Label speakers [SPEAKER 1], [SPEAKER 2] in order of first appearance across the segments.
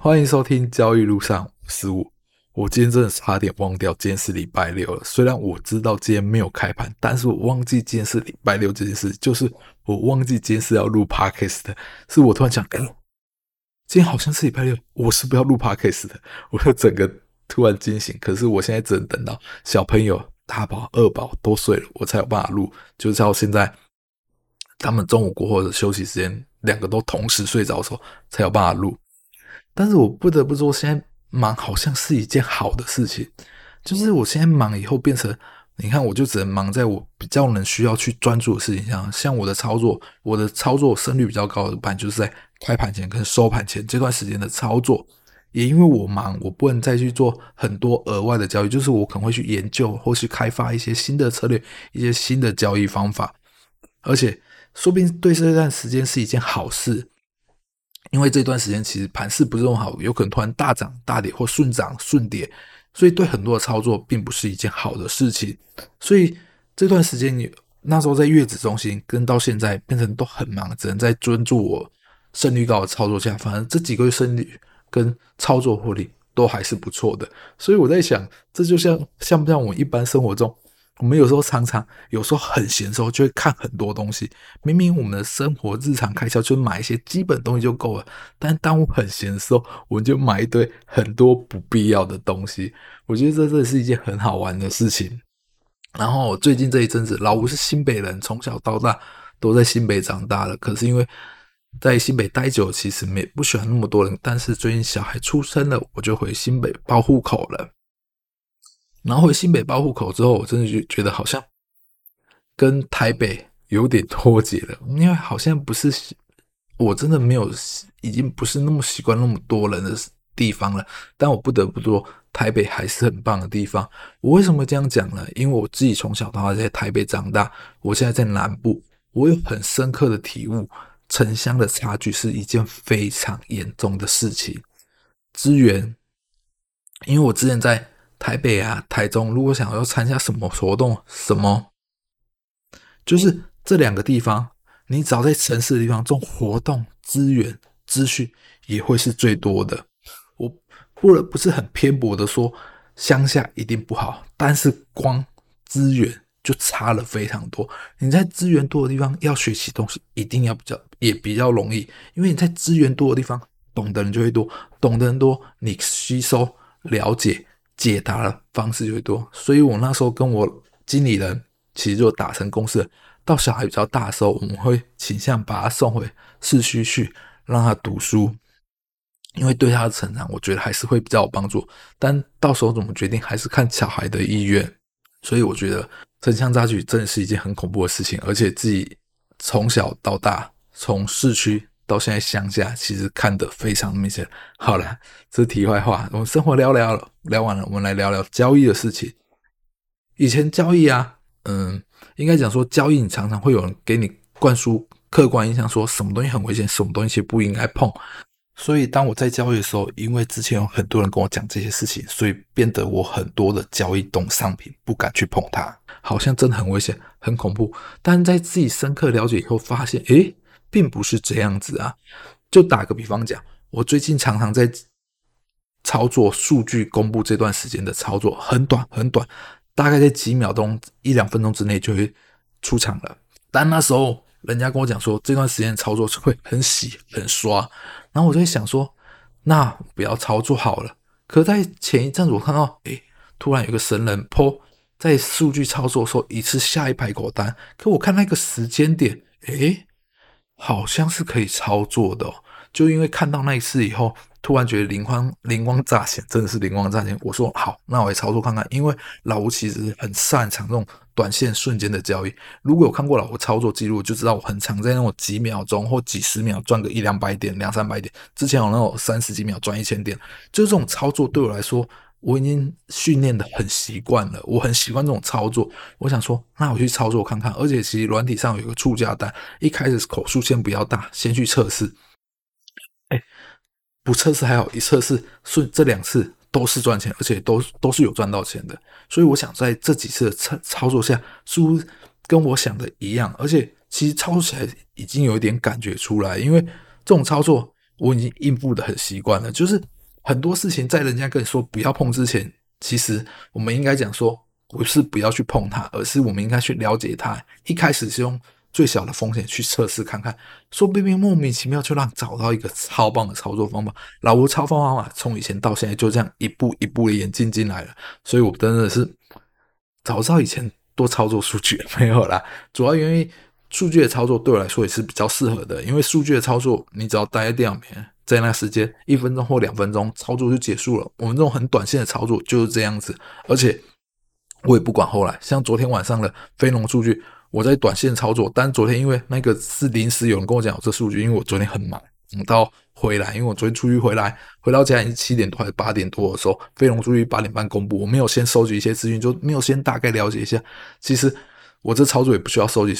[SPEAKER 1] 歡迎收聽交易路上十五。我今天真的差點忘掉，今天是禮拜六了。雖然我知道今天沒有開盤，但是我忘記今天是禮拜六這件事，就是我忘記今天是要錄 Podcast 的。是我突然想，哎、欸，今天好像是禮拜六，我是不要錄 Podcast 的。我就整個突然驚醒，可是我現在只能等到小朋友大寶、二寶都睡了，我才有辦法錄。就是到現在，他們中午過後的休息時間，兩個都同時睡着的時候，才有辦法錄。但是我不得不說，現在忙好像是一件好的事情。就是我現在忙以後變成，你看我就只能忙在我比較能需要去專注的事情上。像我的操作，我的操作勝率比較高的盤，就是在開盤前跟收盤前這段時間的操作。也因為我忙，我不能再去做很多額外的交易。就是我可能會去研究，或去開發一些新的策略，一些新的交易方法。而且，說不定對這段時間是一件好事。因為這段時間其實盤勢不是那麼好，有可能突然大漲大跌或順漲順跌，所以對很多的操作並不是一件好的事情。所以這段時間你，那時候在月子中心跟到現在變成都很忙，只能在專注我勝率高的操作下，反正這幾個月勝率跟操作獲利都還是不錯的。所以我在想，這就像像不像我一般生活中？我們有時候常常，有時候很閒的時候就會看很多東西。明明我們的生活日常開銷就買一些基本東西就夠了，但當我很閒的時候，我就買一堆很多不必要的東西。我覺得這真的是一件很好玩的事情。然後最近這一陣子，老吳是新北人，從小到大都在新北長大的。可是因為在新北待久，其實沒不喜歡那麼多人。但是最近小孩出生了，我就回新北報戶口了。然後回新北報戶口之後，我真的就覺得好像跟台北有點脫節了，因為好像不是，我真的沒有，已經不是那麼習慣那麼多人的地方了。但我不得不說，台北還是很棒的地方。我為什麼這樣講呢？因為我自己從小到大在台北長大，我現在在南部，我有很深刻的體悟，城鄉的差距是一件非常嚴重的事情。資源，因為我之前在。台北啊，台中，如果想要參加什麼活動，什麼，就是這兩個地方，你只要在城市的地方，這種活動資源資訊也會是最多的。我或者不是很偏頗的說，鄉下一定不好，但是光資源就差了非常多。你在資源多的地方，要學習東西，一定要比較，也比較容易，因為你在資源多的地方，懂的人就會多，懂的人多，你吸收了解。解答的方式就會多，所以我那時候跟我經理人其實就達成共識。到小孩比較大的時候，我們會傾向把他送回市區去讓他讀書，因為對他的成長，我覺得還是會比較有幫助。但到時候怎麼決定，還是看小孩的意願。所以我覺得城鄉差距真的是一件很恐怖的事情，而且自己從小到大從市區，到現在想下，其實看得非常明顯。好了，這是題外話，我們生活聊聊了，聊完了，我們來聊聊交易的事情。以前交易啊，嗯，應該講說交易，你常常會有人給你灌輸客觀印象，說什麼東西很危險，什麼東西不應該碰。所以當我在交易的時候，因為之前有很多人跟我講這些事情，所以變得我很多的交易動商品不敢去碰它，好像真的很危險，很恐怖。但在自己深刻了解以後，發現，誒。並不是這樣子啊，就打個比方講，我最近常常在操作數據公布這段時間的操作很短很短，大概在幾秒鐘一兩分鐘之內就會出場了。但那時候人家跟我講說，這段時間的操作是會很洗很刷，然後我就在想說，那不要操作好了。可在前一陣子我看到，哎，突然有個神人 PO 在數據操作的時候一次下一排狗單，可我看那個時間點，哎。好像是可以操作的哦，就因為看到那一次以後，突然覺得靈光靈光乍現，真的是靈光乍現。我說好，那我也操作看看，因為老吳其實很擅長這種短線瞬間的交易。如果有看過老吳操作記錄，就知道我很常在那種幾秒鐘或幾十秒賺個一兩百點、兩三百點，之前有那種三十幾秒賺一千點，就這種操作對我來說。我已經訓練的很習慣了，我很習慣這種操作。我想說，那我去操作看看。而且，其實軟體上有一個觸價單，一開始口數先不要大，先去測試。哎、欸，不測試還好，一測試，順這兩次都是賺錢，而且都都是有賺到錢的。所以，我想在這幾次的操操作下，似乎跟我想的一樣。而且，其實操作起來已經有一點感覺出來，因為這種操作我已經應付的很習慣了，就是。很多事情在人家跟你說不要碰之前，其實我們應該講說，不是不要去碰它，而是我們應該去了解它。一開始是用最小的風險去測試看看，說不定莫名其妙就讓找到一個超棒的操作方法。老吳超方方法從以前到現在就這樣一步一步的演進進來了。所以我真的是早知道以前多操作數據沒有啦。主要因為數據的操作對我來說也是比較適合的，因為數據的操作你只要待在電腦邊。在那時間，一分鐘或兩分鐘操作就結束了。我們這種很短線的操作就是這樣子，而且我也不管後來。像昨天晚上的非農數據，我在短線操作，但是昨天因為那個是臨時有人跟我講這數據，因為我昨天很忙，我到回來，因為我昨天出去回來，回到家已經七點多還是八點多的時候，非農數據八點半公布，我沒有先收集一些資訊，就沒有先大概了解一下。其實我這操作也不需要收集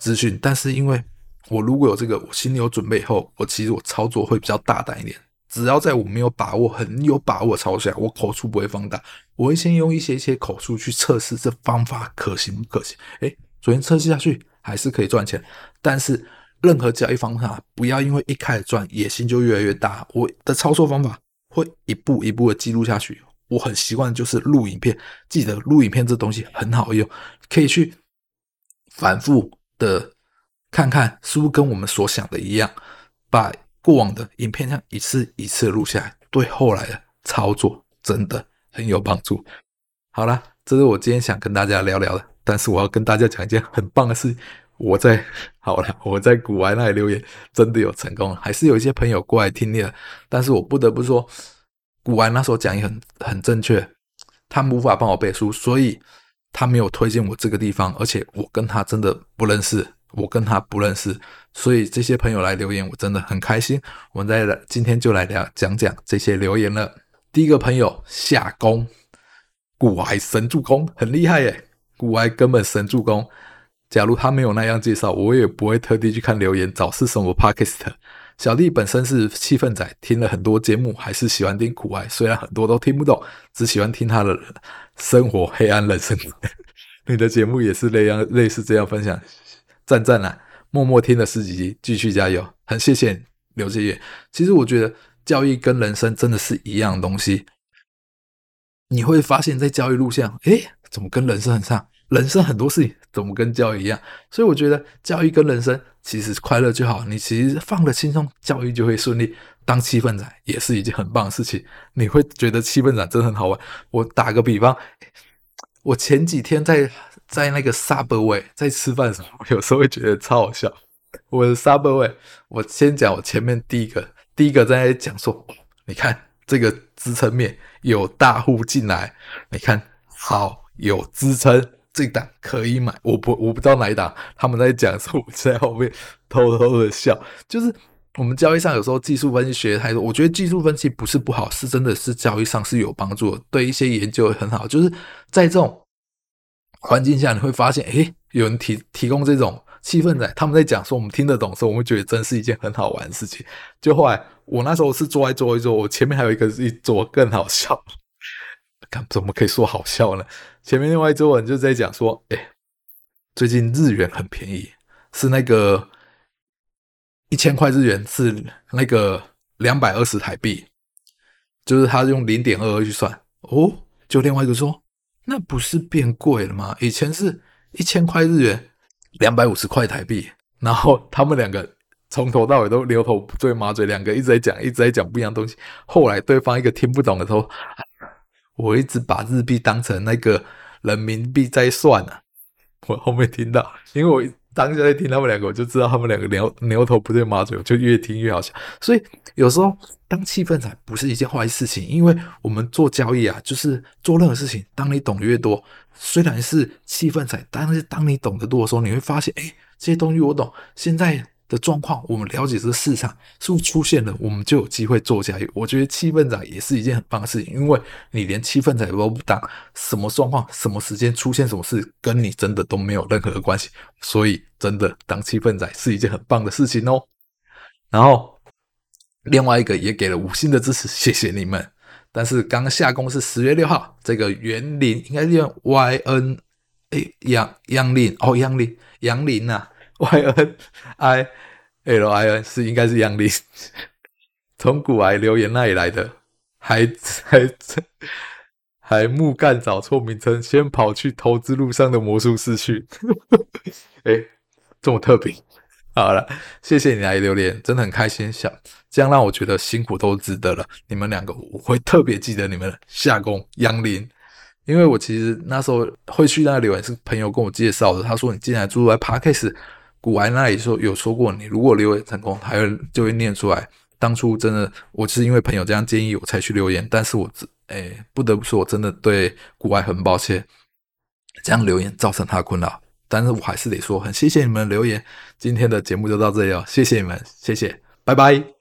[SPEAKER 1] 資訊，但是因為。我如果有這個，我心裡有準備以後，我其實我操作會比較大膽一點。只要在我沒有把握、很有把握的操作下，我口數不會放大，我會先用一些一些口數去測試這方法可行不可行。誒，首先測試下去還是可以賺錢，但是任何交易方法不要因為一開始賺，野心就越來越大。我的操作方法會一步一步的記錄下去。我很習慣就是錄影片，記得錄影片這東西很好用，可以去反復的。看看是不是跟我們所想的一樣，把過往的影片上一次一次錄下來，對後來的操作真的很有幫助。好啦，這是我今天想跟大家聊聊的。但是我要跟大家講一件很棒的事，我在，好了，我在古玩那裡留言，真的有成功，還是有一些朋友過來聽的。但是我不得不說，古玩那時候講也很很正確，他們無法幫我背書，所以他沒有推薦我這個地方，而且我跟他真的不認識。我跟他不認識，所以這些朋友來留言，我真的很開心。我們再來，今天就來聊講講這些留言了。第一個朋友夏宮，古哀神助攻很厲害耶，古哀根本神助攻。假如他沒有那樣介紹，我也不會特地去看留言，早是什麼 Podcast。小弟本身是氣氛仔，聽了很多節目，還是喜歡聽古哀，雖然很多都聽不懂，只喜歡聽他的生活黑暗人生。 你的節目也是類樣類似這樣分享。讚讚啦，默默聽了十幾集，繼續加油，很謝謝你，劉志遠。其實我覺得教育跟人生真的是一樣東西，你會發現在教育路線，誒，怎麼跟人生很像？人生很多事情怎麼跟教育一樣？所以我覺得教育跟人生其實快樂就好，你其實放得輕鬆，教育就會順利。當氣氛仔也是一件很棒的事情，你會覺得氣氛仔真的很好玩。我打個比方。我前幾天在在那個 subway 在吃飯的時候，有時候會覺得超好笑。我的 subway，我先講我前面第一個第一個在那裡講說，哦，你看這個支撐面有大戶進來，你看好有支撐，這檔可以買。我不我不知道哪一檔，他們在講說我在後面偷偷的笑，就是。我們交易上有時候技術分析學得太多，我覺得技術分析不是不好，是真的是交易上是有幫助的，對一些研究很好。就是在這種環境下，你會發現，哎、欸，有人提提供這種氣氛仔，他們在講說我們聽得懂時候，我們覺得真是一件很好玩的事情。就後來我那時候是坐在桌一桌，我前面還有一個一桌更好笑。幹，怎麼可以說好笑呢？前面另外一桌人就在講說，哎、欸，最近日元很便宜，是那個。一千塊日元是那個兩百二十台幣，就是他用零點二二去算哦。就另外一個說，那不是變貴了嗎？以前是一千塊日元兩百五十塊台幣，然後他們兩個從頭到尾都牛頭不對馬嘴，兩個一直在講，一直在講不一樣的東西。後來對方一個聽不懂的時候，我一直把日幣當成那個人民幣在算呢。我後面聽到，因為我。當下一聽他們兩個，我就知道他們兩個牛牛頭不對馬嘴，就越聽越好笑。所以有時候當氣氛仔不是一件壞事情，因為我們做交易啊，就是做任何事情，當你懂得越多，雖然是氣氛仔，但是當你懂得多的時候，你會發現，哎，這些東西我懂。現在。的狀況，我們了解這個市場是不是出現了，我們就有機會做下去。我覺得氣氛仔也是一件很棒的事情，因為你連氣氛仔都不當，什麼狀況、什麼時間出現什麼事，跟你真的都沒有任何關係。所以，真的當氣氛仔是一件很棒的事情哦。然後，另外一個也給了五星的支持，謝謝你們。但是剛下工是十月六號，這個園林應該是 Y N，哎，楊楊林哦，楊林楊林啊。Y N I L I N 是應該是楊林， 從古來留言那裡來的，還還還木乾找錯名稱，先跑去投資路上的魔術師去，欸，這麼特別，好啦，謝謝你來留言，真的很開心，想這樣讓我覺得辛苦都值得了。你們兩個我會特別記得你們，下工，楊林，因為我其實那時候會去那裡留言是朋友跟我介紹的，他說你竟然住在 Parkes。古埃那裡說有說過你，你如果留言成功，還有就會念出來。當初真的，我是因為朋友這樣建議我才去留言，但是我自誒、欸、不得不說，我真的對古埃很抱歉，這樣留言造成他的困擾。但是我還是得說，很謝謝你們留言。今天的節目就到這裡哦，謝謝你們，謝謝，拜拜。